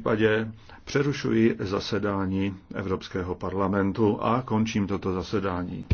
případě přerušuji zasedání Evropského parlamentu a končím toto zasedání.